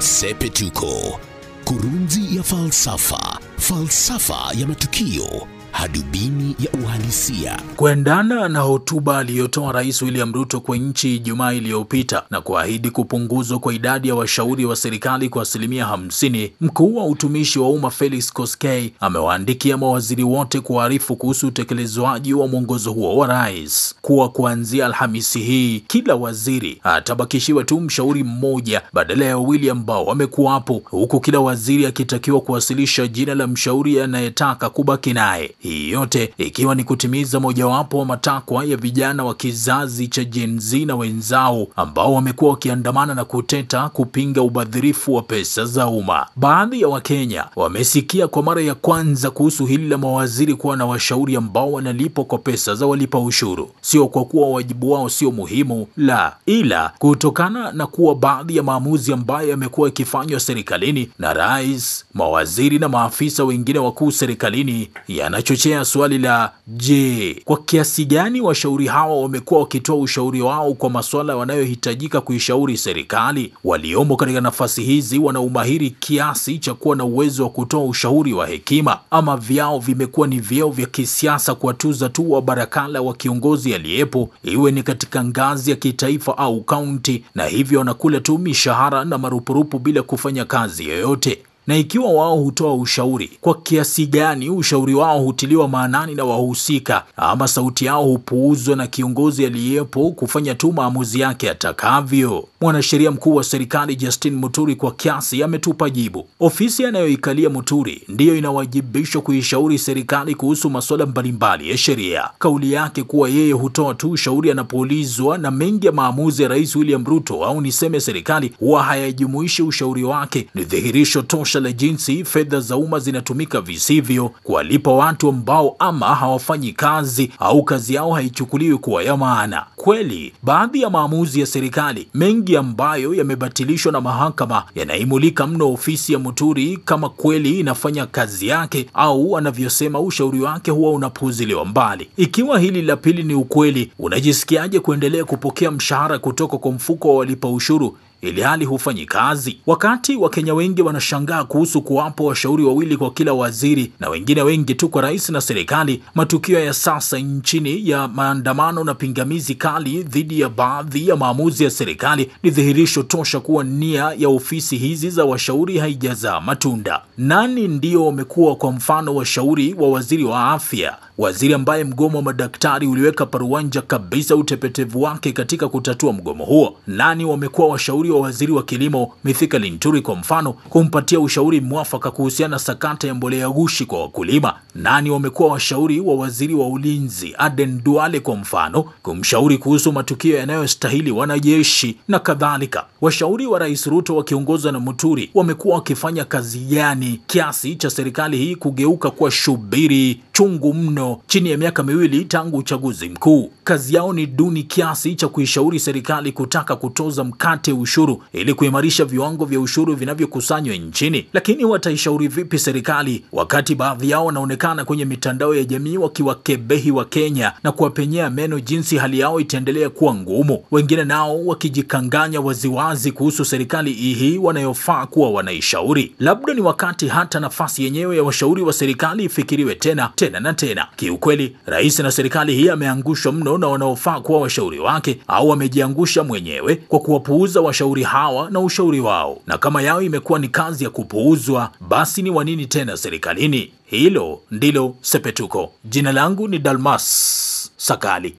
Sepetuko, kurunzi ya falsafa, falsafa ya matukio, hadubini ya uhalisia. Kuendana na hotuba aliyotoa Rais William Ruto kwa nchi Ijumaa iliyopita na kuahidi kupunguzwa kwa idadi ya washauri wa, serikali kwa asilimia 50 mkuu wa utumishi wa umma Felix Koskei amewaandikia mawaziri wote kuarifu kuhusu utekelezwaji wa mwongozo huo wa rais, kuwa kuanzia Alhamisi hii kila waziri atabakishiwa tu mshauri mmoja badala ya wawili ambao wamekuwapo, huku kila waziri akitakiwa kuwasilisha jina la mshauri anayetaka kubaki naye, hii yote ikiwa ni kutimiza mojawapo wa matakwa ya vijana wa kizazi cha Gen Z na wenzao ambao wamekuwa wakiandamana na kuteta kupinga ubadhirifu wa pesa za umma. Baadhi ya Wakenya wamesikia kwa mara ya kwanza kuhusu hili la mawaziri kuwa na washauri ambao wanalipwa kwa pesa za walipa ushuru, sio kwa kuwa wajibu wao sio muhimu, la, ila kutokana na kuwa baadhi ya maamuzi ambayo yamekuwa yakifanywa serikalini na rais, mawaziri na maafisa wengine wakuu serikalini yanachochea swali la Je, kwa kiasi gani washauri hawa wamekuwa wakitoa ushauri wao kwa masuala wanayohitajika kuishauri serikali? Waliomo katika nafasi hizi wana umahiri kiasi cha kuwa na uwezo wa kutoa ushauri wa hekima, ama vyao vimekuwa ni vyeo vya kisiasa kuwatuza tu wabarakala wa kiongozi aliyepo, iwe ni katika ngazi ya kitaifa au kaunti, na hivyo wanakula tu mishahara na marupurupu bila kufanya kazi yoyote na ikiwa wao hutoa ushauri, kwa kiasi gani ushauri wao hutiliwa maanani na wahusika, ama sauti yao hupuuzwa na kiongozi aliyepo kufanya tu maamuzi yake atakavyo. Mwanasheria mkuu wa serikali Justin Muturi kwa kiasi ametupa jibu. Ofisi anayoikalia Muturi ndiyo inawajibishwa kuishauri serikali kuhusu masuala mbalimbali ya sheria. Kauli yake kuwa yeye hutoa tu ushauri anapoulizwa, na mengi ya maamuzi ya Rais William Ruto au niseme serikali huwa hayajumuishi ushauri wake ni dhihirisho tosha tamasha la jinsi fedha za umma zinatumika visivyo kuwalipa watu ambao ama hawafanyi kazi au kazi yao haichukuliwi kuwa ya maana. Kweli baadhi ya maamuzi ya serikali mengi ambayo yamebatilishwa na mahakama yanaimulika mno ofisi ya Muturi kama kweli inafanya kazi yake au anavyosema ushauri wake huwa unapuuziliwa mbali. Ikiwa hili la pili ni ukweli, unajisikiaje kuendelea kupokea mshahara kutoka kwa mfuko wa walipa ushuru ili hali hufanyi kazi. Wakati Wakenya wengi wanashangaa kuhusu kuwapo washauri wawili kwa kila waziri na wengine wengi tu kwa rais na serikali, matukio ya sasa nchini ya maandamano na pingamizi kali dhidi ya baadhi ya maamuzi ya serikali ni dhihirisho tosha kuwa nia ya ofisi hizi za washauri haijazaa matunda. Nani ndio wamekuwa kwa mfano washauri wa waziri wa afya, waziri ambaye mgomo wa madaktari uliweka paruanja kabisa utepetevu wake katika kutatua mgomo huo? Nani wamekuwa washauri ushauri wa waziri wa kilimo Mithika Linturi kwa mfano, kumpatia ushauri mwafaka kuhusiana na sakata ya mbolea gushi kwa wakulima. Nani wamekuwa washauri wa waziri wa ulinzi Aden Duale kwa mfano, kumshauri kuhusu matukio yanayostahili wanajeshi na kadhalika. Washauri wa Rais Ruto wakiongozwa na Muturi wamekuwa wakifanya kazi gani kiasi cha serikali hii kugeuka kuwa shubiri chungu mno chini ya miaka miwili tangu uchaguzi mkuu. Kazi yao ni duni kiasi cha kuishauri serikali kutaka kutoza mkate ushuru ili kuimarisha viwango vya ushuru vinavyokusanywa nchini. Lakini wataishauri vipi serikali wakati baadhi yao wanaonekana kwenye mitandao ya jamii wakiwakebehi wa Kenya na kuwapenyea meno jinsi hali yao itaendelea kuwa ngumu, wengine nao wakijikanganya waziwazi kuhusu serikali hii wanayofaa kuwa wanaishauri. Labda ni wakati hata nafasi yenyewe ya washauri wa serikali ifikiriwe tena, tena tena na tena. Kiukweli, rais na serikali hii ameangushwa mno na wanaofaa kuwa washauri wake au amejiangusha mwenyewe kwa kuwapuuza washauri hawa na ushauri wao, na kama yao imekuwa ni kazi ya kupuuzwa, basi ni wanini tena serikalini? Hilo ndilo Sepetuko. Jina langu ni Dalmas Sakali.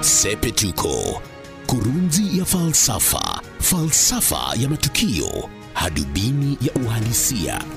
Sepetuko, kurunzi ya falsafa, falsafa ya matukio, hadubini ya uhalisia.